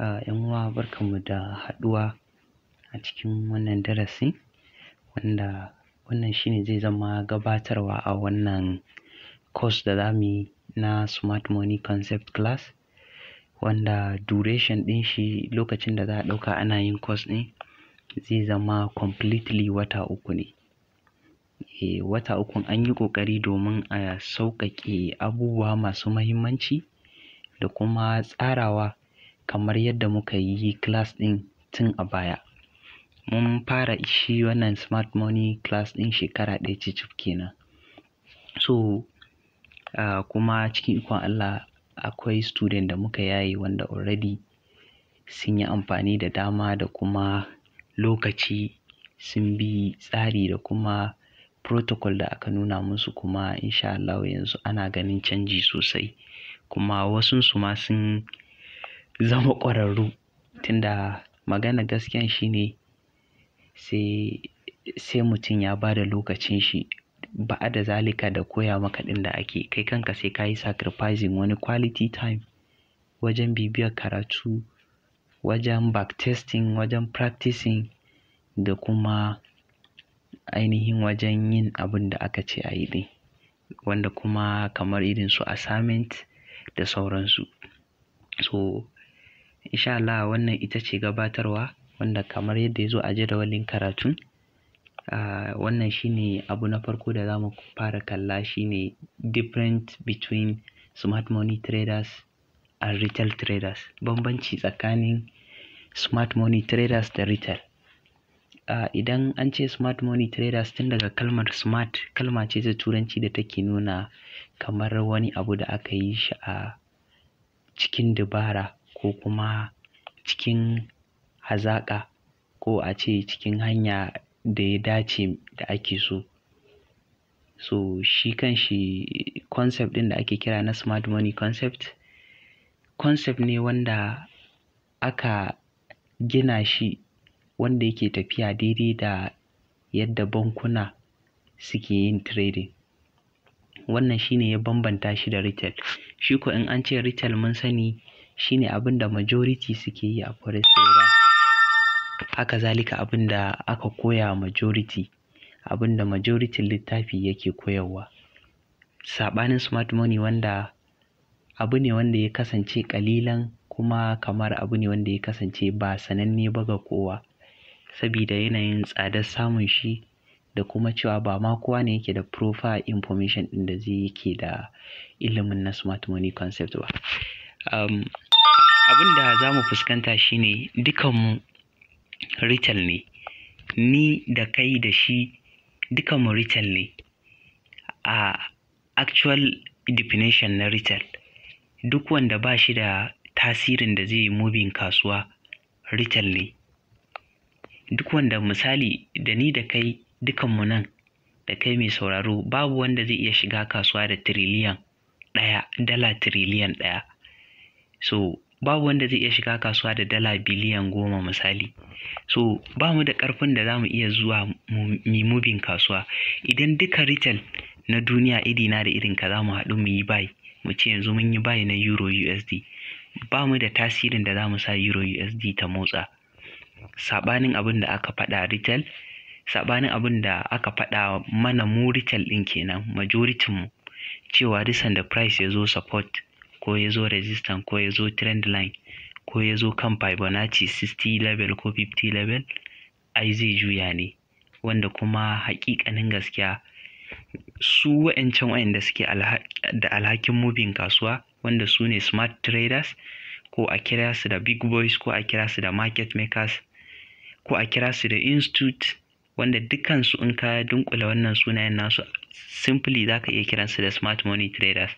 um ƴan uwa barkanmu da haɗuwa a cikin wannan darasi wanda wannan shine zai zama gabatarwa a wannan course da za mu yi na smart money concept class wanda duration ɗin shi lokacin da za a ɗauka ana yin course ɗin zai zama completely wata uku ne E wata uku an yi ƙoƙari domin a sauƙaƙe abubuwa masu mahimmanci da kuma tsarawa kamar yadda muka yi class ɗin tun a baya. Mun fara shi wannan smart money class ɗin shekara ɗaya cicif kenan. So uh, kuma cikin ikon Allah akwai student da muka yaye wanda already sun yi amfani da dama da kuma lokaci sun bi tsari da kuma protocol da aka nuna musu kuma insha Allah yanzu ana ganin canji sosai kuma wasunsu ma sun zama ƙwararru tunda magana gaskiya shine sai, sai mutum ya ba da lokacin shi da zalika da koya maka ɗin da ake. Kai kanka sai ka yi sacrificing wani quality time wajen bibiyar karatu, wajen backtesting, wajen practicing da kuma ainihin wajen yin abin da aka ce a yi ɗin. Wanda kuma kamar irin su assignment da sauransu. So insha Allah wannan ita ce gabatarwa wanda kamar yadda ya zo a jadawalin karatun wannan shine abu na farko da za mu fara kalla shine different between smart money traders and retail traders bambanci tsakanin smart money traders da retail idan an ce smart money traders tun daga kalmar smart kalma ce ta turanci da take nuna kamar wani abu da aka yi shi a cikin dabara ko kuma cikin hazaƙa ko a ce cikin hanya da ya dace da ake so so shi kan shi concept ɗin da ake kira na smart money concept concept ne wanda aka gina shi wanda yake tafiya daidai da yadda bankuna suke yin trading wannan shi ne ya bambanta shi da retail shi ko in an ce retail mun sani shine abin da majority suke yi a forest area haka zalika abin da aka koya majority abin da majority littafi yake koyarwa saɓanin smart money wanda abu ne wanda ya kasance ƙalilan kuma kamar abu ne wanda ya kasance ba sananne ba ga kowa sabida yanayin tsadar samun shi da kuma cewa ba ma kowa ne yake da proper information ɗin da zai yake da ilimin na smart money concept ba um, abin da za mu fuskanta shine dukanmu retail ne ni da kai da shi dukanmu retail ne a actual definition na retail duk wanda ba shi da tasirin da zai yi mubin kasuwa retail ne duk wanda misali da ni da kai dukanmu nan da kai mai sauraro babu wanda zai iya shiga kasuwa da tiriliyan ɗaya dala tiriliyan ɗaya so babu wanda zai iya shiga kasuwa da dala biliyan goma misali so ba mu da ƙarfin da za mu iya zuwa mu mubin kasuwa idan duka retail na duniya iri na da irin ka za mu haɗu mu yi bai mu ce yanzu mun yi bai na euro usd ba mu da tasirin da za mu sa euro usd ta motsa saɓanin abin da aka faɗa retail sabanin abin da aka faɗa mana mu retail ɗin kenan majoritin mu cewa risan da price ya zo support ko ya zo resistance ko ya zo trend line ko ya zo kan fibonacci 60 level ko 50 level ai zai juya ne wanda kuma hakikanin gaskiya su wa'ancan wa'anda suke da alhakin moving kasuwa wanda su ne smart traders ko a kira su da big boys ko a kira su da market makers ko a kira su da institute wanda dukansu in ka dunkula wannan sunayen nasu simply za ka iya kiransu da smart money traders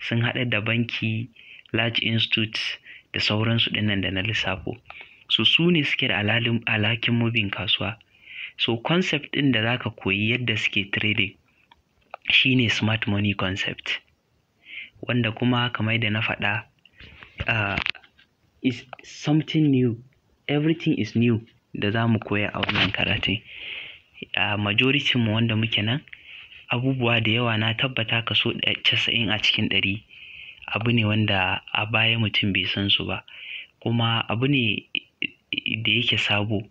sun haɗa da banki large institutes da sauransu dinnan da na lissafo so su ne suke da alhakin mubin kasuwa so concept ɗin da za ka koyi yadda suke trading shi ne smart money concept wanda kuma kamar da na faɗa uh, is something new everything is new da za mu koya a wannan karatun a majority mu wanda muke nan abubuwa da yawa na tabbata kaso casa'in a cikin ɗari abu ne wanda a baya mutum bai san su ba kuma abu ne da yake sabo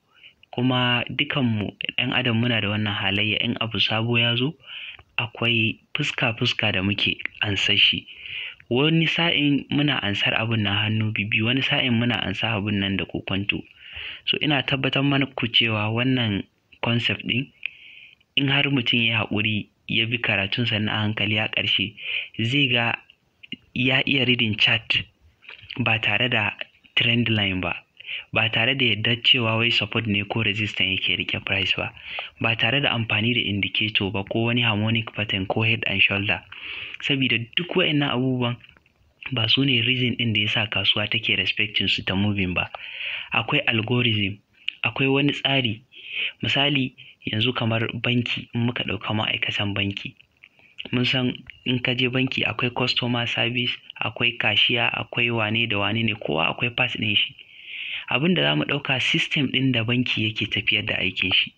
kuma dukanmu ɗan adam muna da wannan halayya in abu sabo ya zo akwai fuska-fuska da muke ansa shi wani sa'in muna ansar abin na hannu bibi wani sa'in muna ansa abin nan da kwanto. so ina tabbatar mana ku cewa wannan concept ɗin in har mutum ya haƙuri ya bi karatunsa na hankali a ƙarshe zai ga ya iya reading chart ba tare da trend line ba ba tare da yadda cewa wai support ne ko resistance yake rike price ba ba tare da amfani da indicator ba ko wani harmonic pattern ko head and shoulder saboda duk wa'annan abubuwan ba su ne reason ɗin da ya sa kasuwa take respecting su ta moving ba akwai algorithm akwai wani tsari misali yanzu kamar banki in muka ɗauka ma'aikatan banki mun san in ka je banki akwai customer service akwai kashiya akwai wane da wane ne kowa akwai pass ɗin shi abin da za mu ɗauka system ɗin da banki yake tafiyar da aikin shi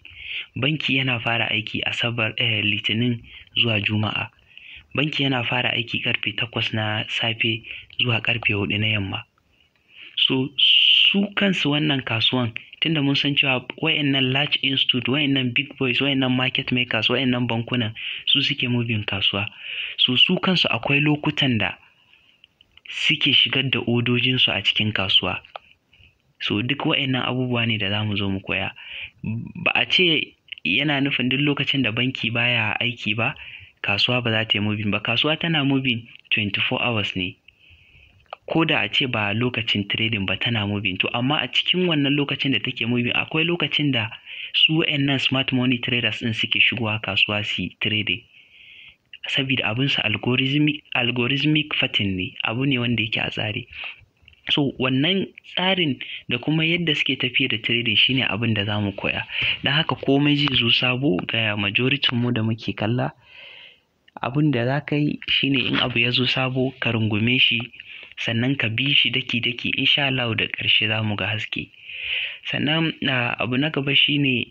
banki yana fara aiki asabar eh, litinin zuwa juma'a banki yana fara aiki karfe takwas na safe zuwa karfe hudu na yamma so su kansu wannan kasuwan tunda mun san cewa wayannan large institute wayannan big boys wayannan market makers wayannan bankunan su suke mubin kasuwa su su kansu akwai lokutan da suke shigar da odojinsu a cikin kasuwa so duk wayannan abubuwa ne da za mu zo mu koya ba a ce yana nufin duk lokacin da banki baya aiki ba kasuwa ba za ta yi mubin ba kasuwa tana mubin 24 hours ne ko da a ce ba lokacin trading ba tana moving to amma a cikin wannan lokacin da take moving akwai lokacin da su wayannan smart money traders din suke shigowa kasuwa su trading saboda abin su algorithmic fatin ne abu ne wanda yake a tsari so wannan tsarin da kuma yadda suke tafiya da trading shine abin da zamu koya don haka komai zai zo sabo ga majoritin mu da muke kalla abin da za ka yi shine in abu ya zo sabo ka rungume shi sannan ka bi shi daki-daki insha Allah da ƙarshe za mu ga haske sannan abu na gaba shine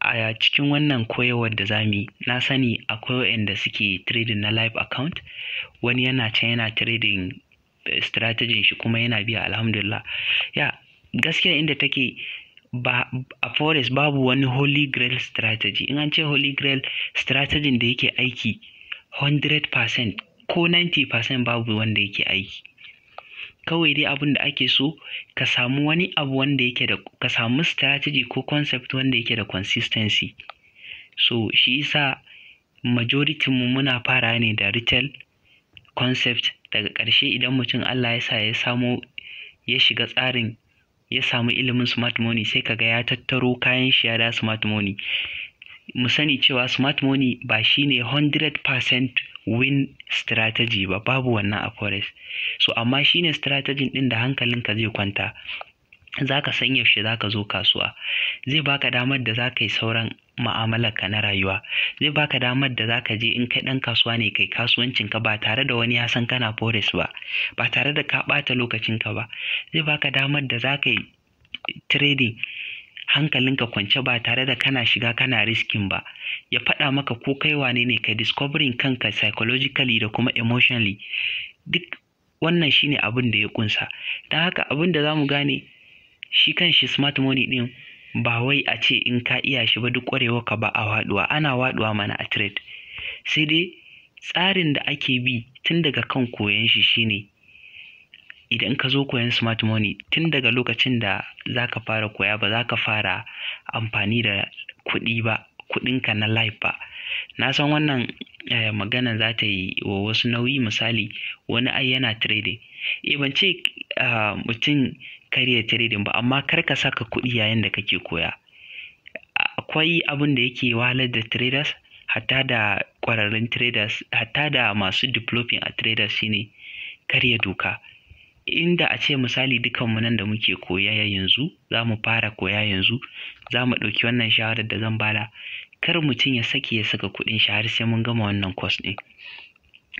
a cikin wannan koyarwar da zamu yi na sani akwai waɗanda suke trading na live account wani yana can yana trading eh, strategy shi kuma yana biya alhamdulillah ya gaskiya inda take ba a forest babu wani holy grail strategy in an ce holy grail strategy da yake aiki 100% ko 90% babu wanda yake aiki kawai dai abin da ake so ka samu wani abu wanda yake da ka samu strategy ko concept wanda yake da consistency so shi yasa majority mu muna fara ne da retail concept daga ƙarshe idan mutum Allah ya sa ya samu ya shiga tsarin ya samu ilimin smart money sai kaga ya tattaro kayan shi ya da smart money mu sani cewa smart money ba shine 100% win strategy ba babu wannan a forex so amma shine strategy din da hankalinka zai kwanta za ka san yaushe za ka zo kasuwa zai baka damar da za ka yi sauran ka na rayuwa zai baka damar da za ka je in kai ɗan kasuwa ne kai kasuwancin ka ba tare da wani ya san kana forex ba ba tare da ka ɓata ka ba zai baka damar da za ka yi trading hankalinka kwance ba tare da kana shiga kana riskin ba ya faɗa maka ko kai wane ne ka discovering kanka psychologically da kuma emotionally duk wannan shine abin da ya kunsa don haka abin da zamu gane shi kan shi smart money din ba wai a ce in ka iya shi ba duk kwarewa ka ba a waɗuwa ana waɗuwa mana a trade sai dai tsarin da ake bi tun daga kan koyon shi shine idan ka zo koyan smart money tun daga lokacin da za ka fara koya ba za ka fara amfani da kuɗi ba kuɗinka na life ba na san wannan eh, magana za ta yi wa wasu nauyi misali wani ai yana trading eh ban ce ah, mutum karya trading ba amma kar ka saka kuɗi yayin da kake koya akwai abin da yake wahalar da traders hatta da ƙwararrun traders hatta da masu developing a traders shine karya doka inda a ce misali dukanmu nan da muke koya yanzu za mu fara koya yanzu za mu ɗauki wannan shawarar da zan bala, kar mutum ya sake ya saka kuɗin shi har sai mun gama wannan kwas ɗin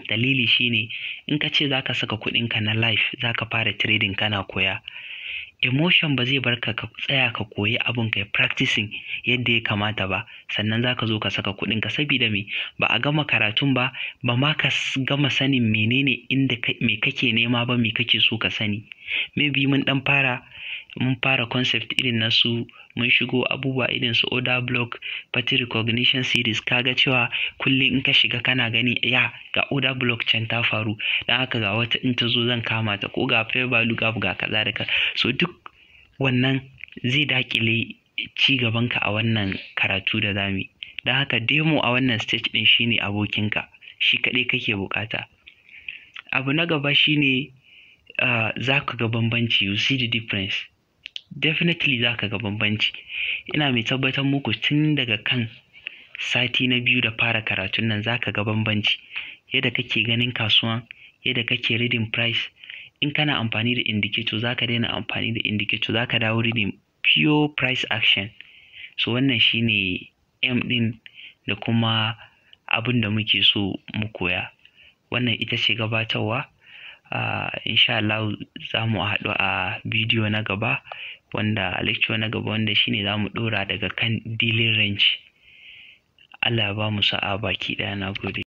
dalili shine in ka ce za ka saka kuɗinka na life za ka fara trading kana koya emotion ba zai bar ka ka tsaya ka koyi abun kai practicing yadda ya kamata ba sannan za ka zo ka saka kuɗin ka saboda me ba a gama karatun ba ba ma ka gama sanin menene inda me kake nema ba me kake so ka sani maybe mun dan fara mun fara concept irin na su mun shigo abubuwa irin su order block party recognition series kaga cewa kullum in ka shiga kana gani ya ga order block can ta faru dan haka ga wata in ta zo zan kama ta ko ga fair value gap ga kaza da ka so duk wannan zai daƙile ci gabanka a wannan karatu da zamu don haka demo a wannan stage ɗin shine abokinka shi kaɗai kake buƙata. abu na gaba shine uh, za ga bambanci you see the difference definitely za ka ga bambanci ina mai tabbatar muku tun daga kan sati na biyu da fara karatun nan za ka ga bambanci yadda kake ganin kasuwan yadda kake reading price in kana amfani da indicator za ka daina amfani da indicator za ka dawo reading pure price action so wannan shine m din da kuma abin da muke so mu koya wannan ita ce gabatarwa uh, insha Allah za mu haɗu a bidiyo na gaba wanda a lecture na gaba wanda shine za mu ɗora daga kan dealing range Allah ya ba mu sa'a baki ɗaya na gode